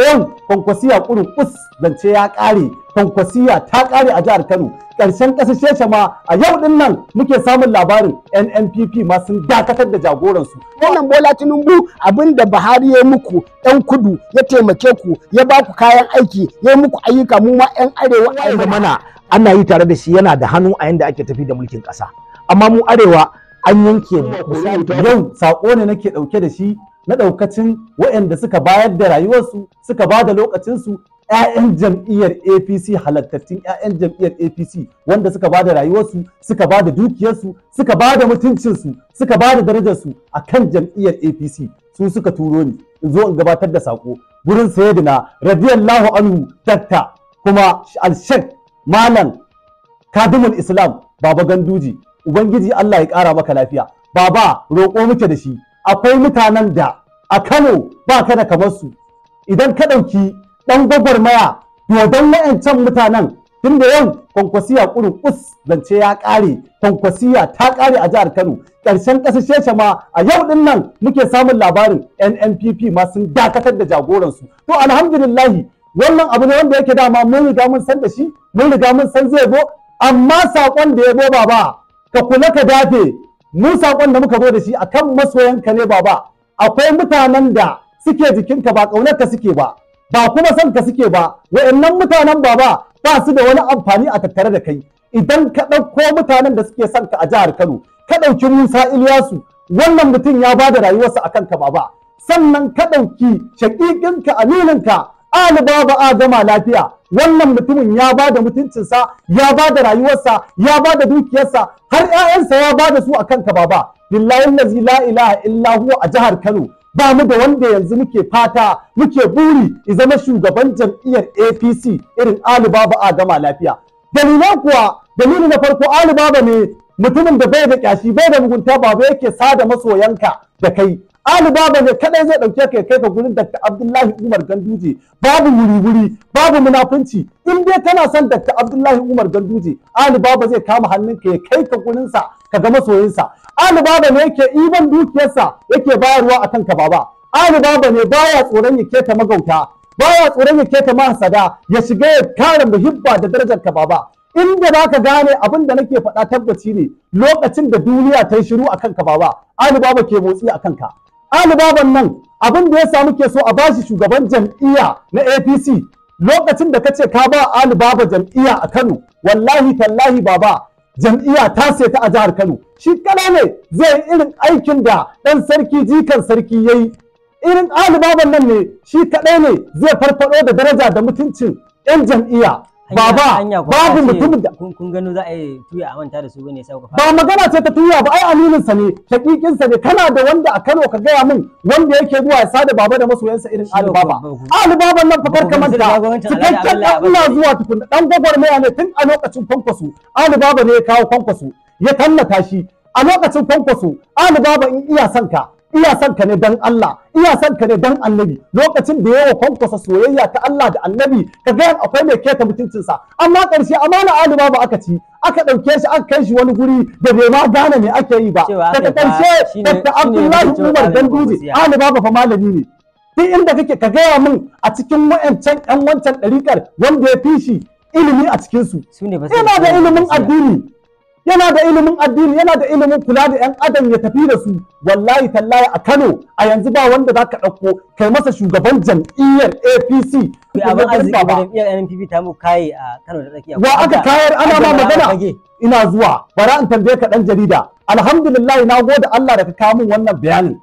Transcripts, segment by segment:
yau kwankwasiya kurin us zance ya ƙare. kwankwasiya ta ƙare a jihar kano ƙarshen ƙasashe ma a yau din nan muke samun labarin nnpp ma sun dakatar da jagoransu wannan bola tinubu abin da buhari ya muku yan kudu ya taimake ku ya ba ku kayan aiki ya muku ayyuka mu ma yan arewa a mana ana yi tare da shi yana da hannu a yanda ake tafi da mulkin ƙasa amma mu arewa an yanke mu yau sako ne nake ɗauke da shi na ɗaukacin waɗanda suka bayar da rayuwarsu suka ba da lokacinsu 'ya'yan jam'iyyar apc halattattun 'ya'yan jam'iyyar apc wanda suka ba da rayuwarsu suka ba da dukiyarsu suka ba da mutuncinsu suka ba da darajarsu a kan jam'iyyar apc su suka turo ni in zo in gabatar da saƙo. gurin sayidina radiyallahu anhu dakta kuma alshek malam kadimul islam baba ganduji ubangiji allah ya ƙara maka lafiya baba roƙo muke da shi akwai mutanen da a Kano ba ka da kamar su idan ka ɗauki ɗan gwagwarmaya dodon wa'ancan mutanen tun da yau kwankwasiya ƙurin us zance ya ƙare kwankwasiya ta ƙare a jihar Kano ƙarshen ƙasashe ma a yau ɗin nan muke samun labarin NNPP ma sun dakatar da jagoransu to alhamdulillahi wannan abu ne wanda yake dama mun riga mun san da shi mun riga mun san zai bo amma saƙon da ya bo baba ka kula ka dafe mu saƙon da muka zo da shi akan masoyanka ne baba akwai mutanen da suke jikinka ba ƙaunarka suke ba ba kuma son ka suke ba wa'annan mutanen baba ba su da wani amfani a tattare da kai idan ka ɗauko mutanen da suke son ka a jihar Kano ka ɗauki Musa iliyasu wannan mutum ya ba da rayuwarsa akan ka baba sannan ka ɗauki shaƙiƙinka ka Alibaba ba a lafiya wannan mutumin ya ba da mutuncinsa ya ba da rayuwarsa ya ba da dukiyarsa har 'ya'yansa ya ba da su a kanka baba billahi nazi la ilaha illa huwa a jihar Kano ba mu da wanda yanzu muke fata muke buri i zama shugaban jam'iyyar APC irin Alibaba a gama lafiya dalilan kuwa dalilin na farko Alibaba ne mutumin da bai da kyashi bai da mugunta ba yake sada masoyanka da kai Ali Baba ne kadai zai dauke ka kai ka gurin Dr. Abdullahi Umar Ganduje babu wuri-wuri babu munafunci in dai kana son Dr. Abdullahi Umar Ganduje Ali Baba zai kama hannunka ya kai ka gurin sa ka ga masoyinsa Ali Baba ne yake iban dukiyarsa yake bayarwa akan ka baba Ali Baba ne baya tsoron ya keta magauta baya tsoron ya keta mahasada ya shiga ya kare muhibba da darajar ka baba inda za ka gane abin da nake faɗa tabbaci ne lokacin da duniya ta yi shiru a kanka baba Ali Baba ke motsi a kanka alibaban nan abin da ya samu ke so a bashi shugaban jam'iyya na apc lokacin da ka ce ka ba alibaba jam'iyya a kano wallahi tallahi baba jam'iyya ta ta a jihar kano shi kana ne zai irin aikin da ɗan sarki jikan sarki ya yi irin alibaban nan ne shi kaɗai ne zai farfaɗo da daraja da mutuncin 'yan jam'iyya baba babu mutumin da kun gano za a yi tuya a manta da su sai ba magana ce ta tuya ba ai aminin sa ne shakikin sa ne kana da wanda a Kano ka gaya min wanda yake zuwa ya sada baba da masoyansa irin Ali Baba Ali Baba nan fakar ka manta cikakken dan ina zuwa tukun dan gwagwarmaya ne tun a lokacin kwankwaso Ali Baba ne ya kawo kwankwaso ya tallata shi a lokacin kwankwaso Ali Baba in iya son ka iya son ka ne dan Allah iya son ka ne dan annabi lokacin da yawa kwankwasa soyayya ta Allah da annabi ka ga akwai mai keta mutuncinsa amma karshe amana alima ba aka ci aka ɗauke shi aka kai shi wani guri da bai ma gane me ake yi ba daga karshe da Abdullahi Umar Ganduje alima ba fa malami ne duk inda kake ka gaya min a cikin wa'ancan ɗan wancan ɗarikar wanda ya fi shi ilimi a cikinsu ina da ilimin addini yana da ilimin addini yana da ilimin kula da yan adam ya tafi da su wallahi tallahi a Kano a yanzu ba wanda zaka ɗauko kai masa shugaban jam'iyyar APC ba jam'iyyar NPP ta mu kai a Kano da tsakiya wa aka kayar ana ma magana ina zuwa bara in tambaye ka dan jarida alhamdulillah na gode Allah da ka kawo min wannan bayanin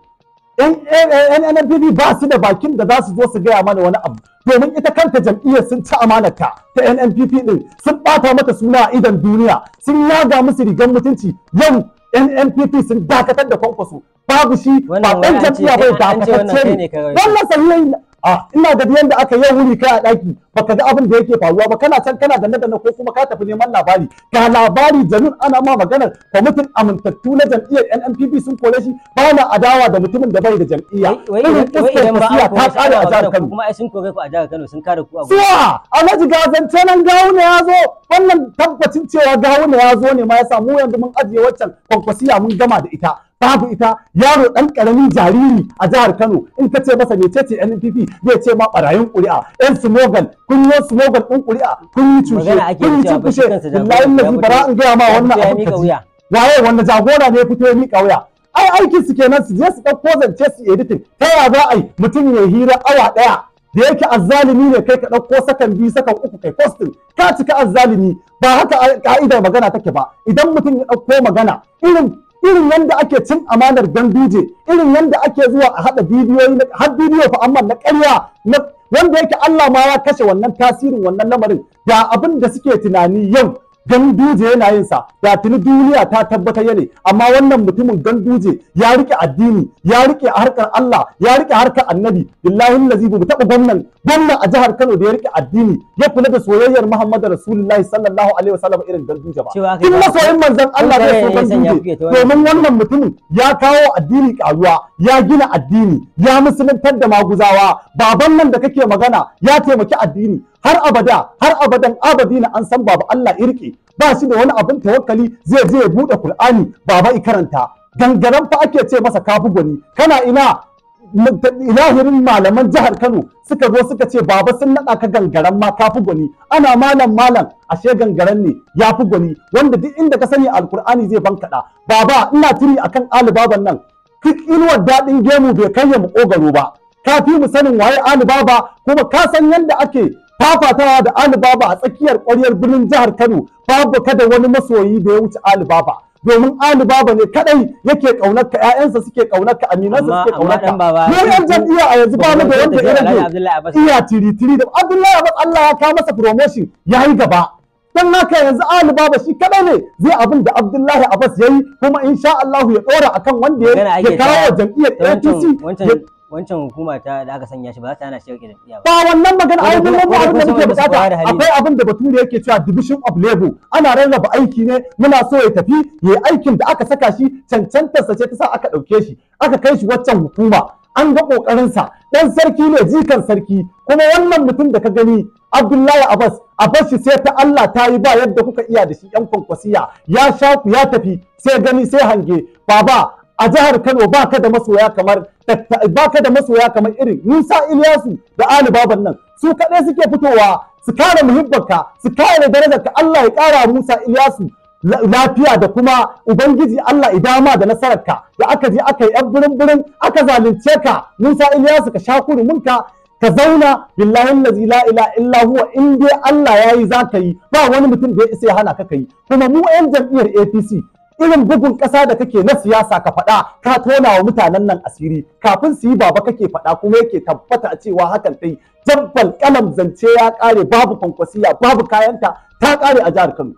NNPP eh, eh, ba su da bakin da za su zo su gaya mana wani abu domin ita kanta jam'iyyar sun ci amanarta ta NNPP din sun bata mata suna a idan duniya sun yaga musu rigar mutunci yau NNPP sun dakatar da kwankwaso babu shi ba ɗan jam'iyya bai dakatacce ne wannan sahihin a ina da da aka yi wuri kai a daki baka ga abin da yake faruwa ba kana san kana danne danne ko kuma ka tafi neman labari ga labari janun ana ma maganar kwamitin amintattu na jam'iyyar NNPP sun kore shi ba na adawa da mutumin da bai da jam'iyya irin iskar tafiya ta kare a jihar Kano kuma ai sun kore ku a jihar Kano sun kare ku a alhaji zance nan gawuna ya zo wannan tabbacin cewa gawuna ya zo ne ma yasa mu yanzu mun ajiye waccan kwankwasiya mun gama da ita babu ita yaro ɗan karamin jariri a jihar Kano in ka ce masa mecece NPP zai ce ma barayin ƙuri'a yan smogal kun yi smogal din ƙuri'a kun yi cushe kun yi cushe wallahi nabi bara an gaya ma wannan abin ka ji waye wannan jagora ne fito ya mika wuya ai aikin su kenan su je su dauko zance su editing ta ya za a yi mutum ya hira awa daya da yake azzalimi ne kai ka ɗauko sakan biyu sakan uku kai postin ka cika azzalimi ba haka ka'idar magana take ba idan mutum ya ɗauko magana irin irin yadda ake cin amanar ganduje irin yadda ake zuwa a haɗa bidiyoyi har bidiyo fa amma na ƙarya wanda yake Allah ma ya kashe wannan tasirin wannan lamarin da abin da suke tunani yau ganduje yana yin sa da tuni duniya ta tabbatar yane amma wannan mutumin ganduje ya rike addini ya rike harkar Allah ya rike harkar annabi billahi allazi bu taba gwamnan gwamnan a jihar Kano da ya rike addini ya kula da soyayyar Muhammadu Rasulullahi sallallahu alaihi wasallam irin ganduje ba in masoyin manzon Allah ne so ganduje domin wannan mutumin ya kawo addini karuwa ya gina addini ya musuluntar da maguzawa baban nan da kake magana ya taimaki addini har abada har abadan abadina an san baba Allah irƙe ba shi da wani abin tawakkali zai je ya bude Qur'ani baba i karanta gangaran fa ake ce masa kafu gwani kana ina ilahirin malaman jihar Kano suka zo suka ce baba sun naɗa ka gangaren ma ka gwani ana malam malam ashe gangaran ne yafi fi gwani wanda duk inda ka sani alkur'ani zai bankaɗa baba ina tiri akan alibaban nan duk inuwar daɗin gemu bai kai ya mu kogaro ba kafi mu sanin waye alibaba kuma ka san yadda ake fafatawa da alibaba a tsakiyar ƙwaryar birnin jihar kano babu kada wani masoyi da ya wuce alibaba domin alibaba ne kadai yake ƙaunarka ƴaƴansa suke ƙaunarka aminansa suke ƙaunarka mu yan jam'iyya a yanzu ba mu da wanda ya rage iya tiritiri da abdullahi abbas allah ya kawo masa promotion yayi gaba don haka yanzu Alibaba shi kadai ne zai abin da Abdullahi Abbas yayi kuma insha Allah ya dora akan wanda ya kawo jam'iyyar atc wancan hukuma ta da aka sanya shi ba za ta hana shi rike jam'iyya ba. Ba wannan magana ai abin da muke bukata akwai abin da Bature yake cewa division of labor ana rarraba aiki ne muna so ya tafi yi aikin da aka saka shi cancantar sa ce ta sa aka ɗauke shi aka kai shi waccan hukuma an ga kokarinsa dan sarki ne jikan sarki kuma wannan mutum da ka gani Abdullahi Abbas Abbas shi sai ta Allah ta yi ba yadda kuka iya da shi yan kwankwasiya ya sha ku ya tafi sai gani sai hange baba a jihar Kano ba ka da masoya kamar ba ka da masoya kamar irin Musa Ilyasu da Ali Baban nan su kaɗai suke fitowa su kare muhibbanka su kare darajarka Allah ya ƙara Musa Ilyasu lafiya da kuma ubangiji Allah idama da nasarar ka da aka je aka yi yan birin birin aka zalunce ka Musa Ilyasu ka sha kuruminka ka zauna billahi allazi la ilaha illa huwa in dai Allah yayi zaka yi ba wani mutum da ya isa ya hana ka kai kuma mu yan jam'iyyar APC irin bugun ƙasa da kake na siyasa ka faɗa ka tona wa mutanen nan asiri kafin su yi baba kake faɗa kuma yake tabbata cewa hakan ɗai jabbal kalam zance ya ƙare babu kwankwasiya babu kayanta ta ƙare a jihar Kano